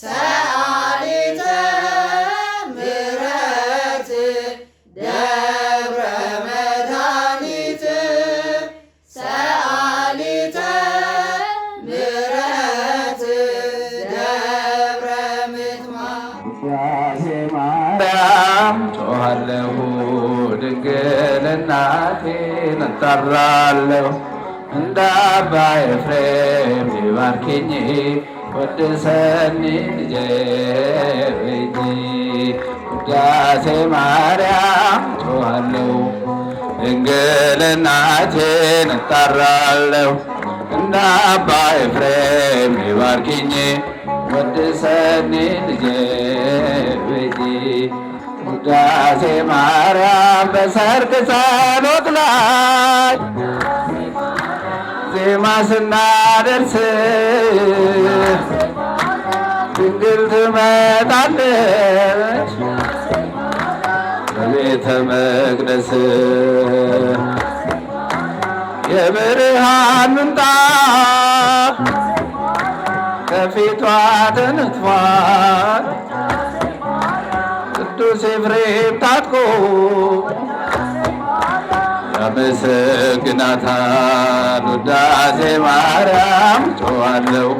ሰአሊተ ምሕረት ደብረ መድኃኒት ሰአሊተ ምሕረት ደብረ ምጥማት ጮኻለሁ እጠራለሁ እንደ አባ ኤፍሬም ይባርኪኝ ቅድሰኒ ልጄ ውዳሴ ማርያም ጮኋለሁ፣ ድንግል እናቴን እጠራለሁ። እንደ አባ ኤፍሬም ይባርኪኝ ቅድሰኒ ልጄ ውዳሴ ማርያም በሰርክ ጸሎት ላይ ዜማ ስናደርስ ቤተ መቅደስ የብርሃን ምንጣፍ ከፊቷ ተነጥፏል። ቅዱስ ኤፍሬም ታጥቆ ያመሰግናታል። ውዳሴ ማርያም ጮዋለሁ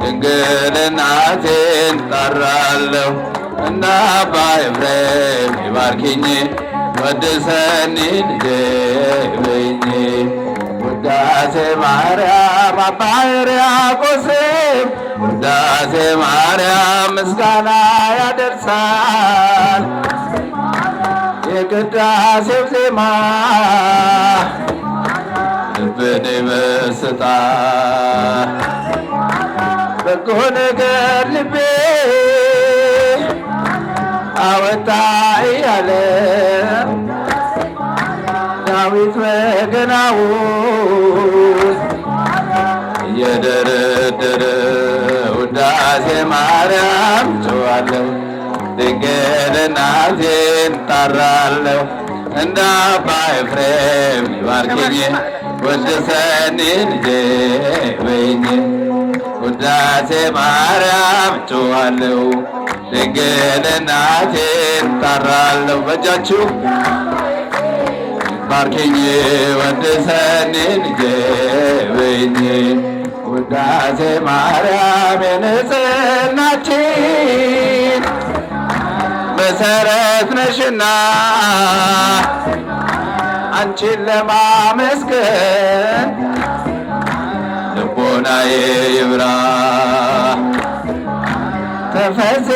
ድንግልናቴን እናቴን ጠራለሁ እና አባ ኤፍሬም ይባርኪኝ ወድሰኒ ልጄብኝ ውዳሴ ማርያም አባ ሕርያቆስ ውዳሴ ማርያም ምስጋና ያደርሳል የቅዳሴው ዜማ ልብን ይመስጣል በጎ ነገር ልቤ ወጣ እያለ ዳዊት በገናው እየደረደረ ውዳሴ ማርያም ጨዋለሁ ድንግል እናቴን ጠራለሁ እንደ አባ ኤፍሬም ይባርክኝ ወድሰኒ ልጄ በይኝ ውዳሴ ማርያም ጨዋለሁ ድንግል እናቴ እጠራለሁ በእጃችሁ ባርኪኝ ወድሰኒ ልጄ በይኝ ውዳሴ ማርያም የንጽሕናችን መሰረት ነሽና አንቺን ለማመስገን ልቦናዬ ይብራ ተፈዝ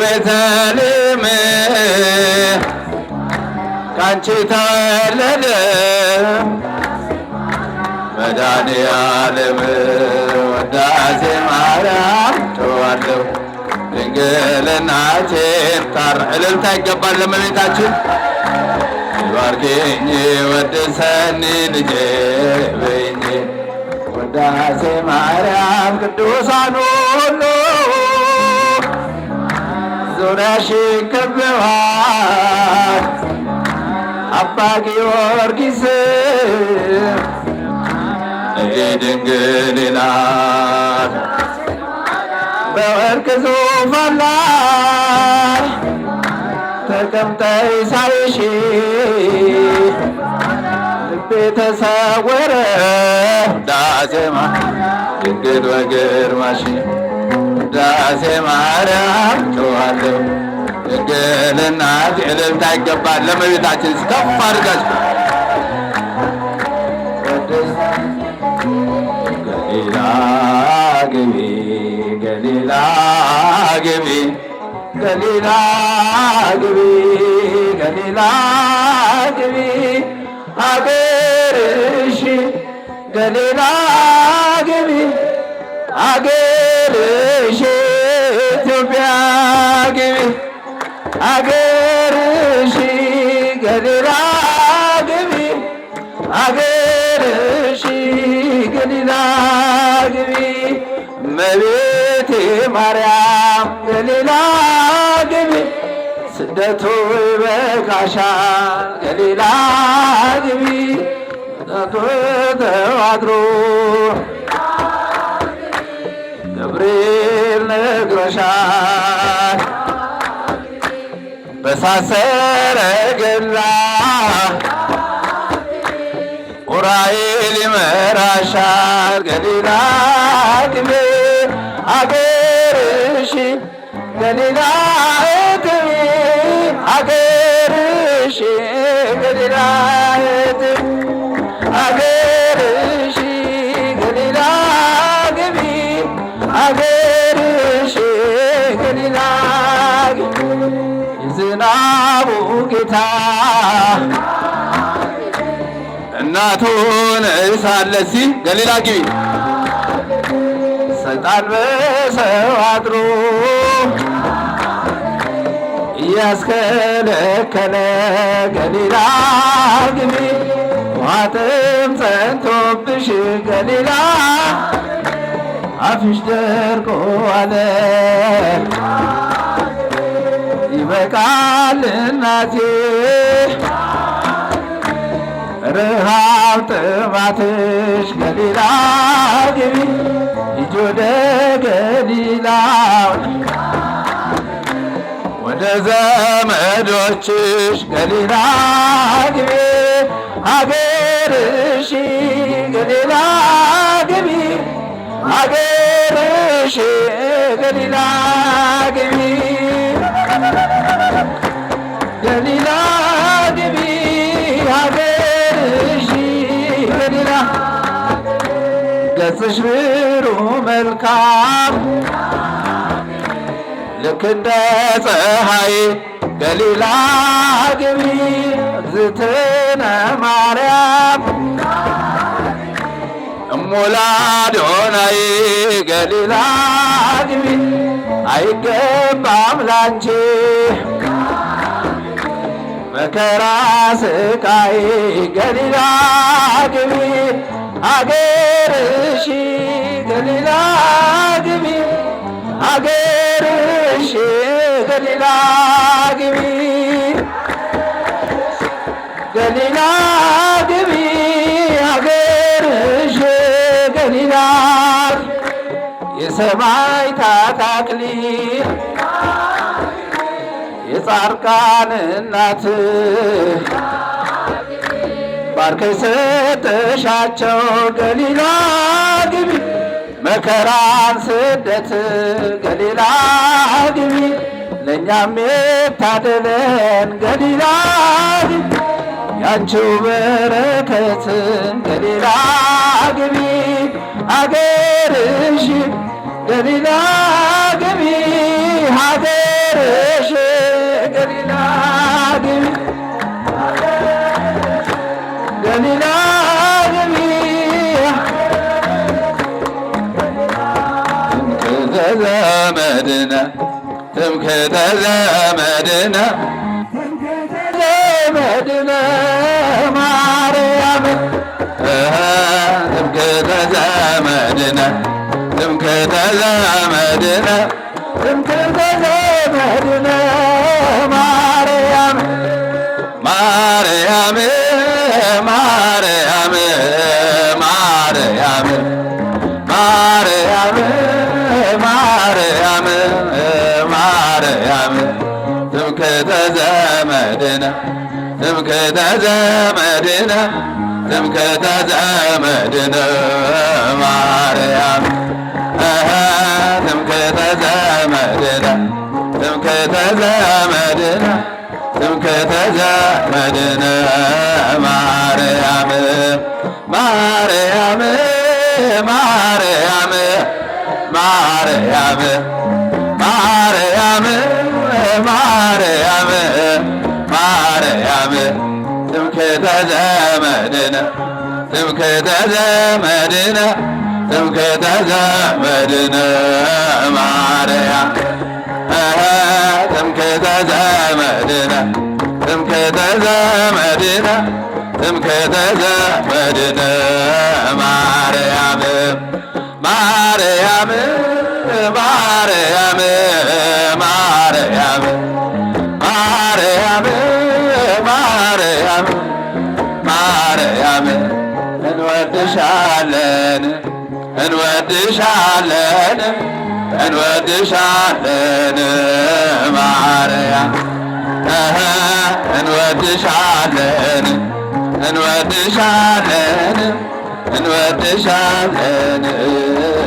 ቤተልሔም ካንቺ ተወለደ ማርያም ጨዋለሁ ድንግልናችን እልልታ ይገባል ለመቤታችን ባርኬኝ ወድሰኒ ልጄ በይኝ ማርያም ቅዱሳን ሁሉ ዙረሽ ይከበባል አባ ጊዮርጊስ ድንግል ይላል በወርቅ ዙፋን ላይ ተቀምጠሽ ሳይሽ ልቤ ተሰወረ ዳዜማ ድንግል በግርማሽ ውዳሴ ማርያም ጨዋለሁ ድልና እልልታ ይገባል። ለመቤታችን ስከፍ አድርጋች ገሊላ ግቢ ገሊላ ግቢ ገሊላ ግቢ ገሊላ ግቢ አገርሽ ገሊላ ግቢ አገርሽ ኢትዮጵያ ግቢ አገርሽ ገሊላ ግቢ አገርሽ ገሊላ ግቢ እመቤቴ ማርያም ገሊላ ግቢ ስደቱ ይበቃሻል ገሊላ ግቢ ተዋድሮ ገብርኤል ነግሮሻል በሳሰረ ገላ ኡራኤል ይመራሻል ገሊላ ግቤ ጌታ እናቱን ሳለች ሲል ገሊላ ግቢ ሰይጣን በሰው አድሮ እያስከለከለ ገሊላ ግቢ ዋጥም ጸንቶብሽ ገሊላ አፍሽ ደርቆ አለ ይበቃል እናቴ ረሃብ ጥማትሽ ገሊላ ግቢ ልጅ ወደ ገሊላ ወደ ዘመዶችሽ ገሊላ ግቢ ሀገርሽ ገሊላ ግቢ ሀገርሽ ገሊላ ግቢ ገጽሽ ብሩህ መልካም ልክ እንደ ፀሐይ ገሊላ ግቢ እግዝእትነ ማርያም እሞላድ ገሊላ ግቢ አይገባም ላንቺ መከራ ስቃይ ገሊላ ግቢ አገርሽ ገሊላ ግቢ አገርሽ ገሊላ ግቢ ገሊላ ግቢ አገርሽ ገሊላ የሰማዕታት አክሊል የጻድቃን እናት ባርከሽ ሰጠሻቸው ገሊላ ግቢ መከራን ስደት ገሊላ ግቢ ለእኛም የታደለን ገሊላ ግቢ ያንቺው በረከት ገሊላ ግቢ አገርሽ ገሊላ ዘመድነ ትምክህተ ዘመድነ ዘመድነ ማርያም ትምክህተ ዘመድነ ትምክህተ ዘመድነ ትምክህተ ዘመድነ ማርያም ማርያም ማርያም ማርያም ስብከተ ዘመድነ ስብከተ ዘመድነ ስብከተ ዘመድነ ማርያም ስብከተ ዘመድነ ስብከተ ዘመድነ ስብከተ ዘመድነ ማርያም ማርያም ማርያም ማርያም ማርያም ማርያም ማርያም ትምክህተ ዘመድነ ትምክህተ ዘመድነ ትምክህተ ዘመድነ ማርያም ትምክህተ ዘመድነ ትምክህተ ዘመድነ ትምክህተ ዘመድነ ማርያም ማርያም ማርያም ማርያም ማርያም ማርያም ማርያም እንወድሻለን እንወድሻለን እንወድሻለን ማርያም እንወድሻለን እንወድሻለን እንወድሻለን